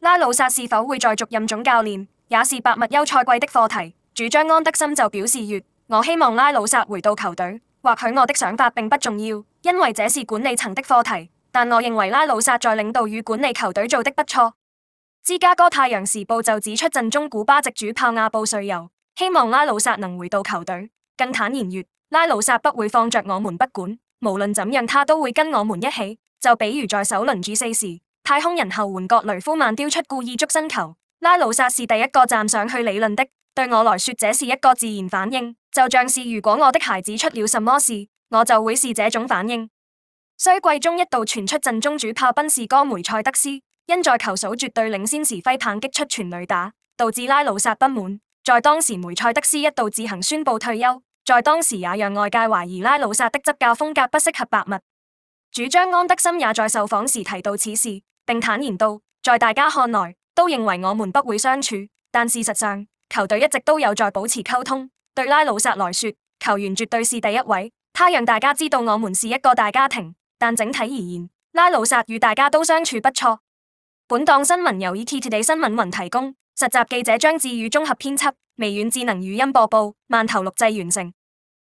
拉魯薩是否會再續任總教練，也是白襪休賽季的課題。主將安德森就表示越：越我希望拉魯薩回到球隊，或許我的想法並不重要，因為這是管理層的課題。但我認為拉魯薩在領導與管理球隊做得不錯。芝加哥太陽時報就指出：陣中古巴籍主炮亞布瑞尤，希望拉魯薩能回到球隊。更坦言越：越拉魯薩不會放着我們不管，無論怎麼樣，他都會跟我們一起。就比如在首輪主四時。太空人後援國雷夫曼丟出故意觸身球，拉魯薩是第一個站上去理論的。對我來說，這是一個自然反應，就像是如果我的孩子出了什麼事，我就會是這種反應。賽季中一度傳出陣中主炮奔士哥梅賽德斯因在球數絕對領先時揮棒擊出全壘打，導致拉魯薩不滿。在當時，梅賽德斯一度自行宣布退休，在當時也讓外界懷疑拉魯薩的執教風格不適合白襪。主張安德森也在受訪時提到此事。並坦言道：在大家看來都認為我們不會相處，但事實上球隊一直都有在保持溝通。對拉魯薩來說，球員絕對是第一位，他讓大家知道我們是一個大家庭。但整體而言，拉魯薩與大家都相處不錯。本檔新聞由 ETD 新聞雲提供，實習記者張志宇綜合編輯，微軟智能語音播報，曼頭錄製完成。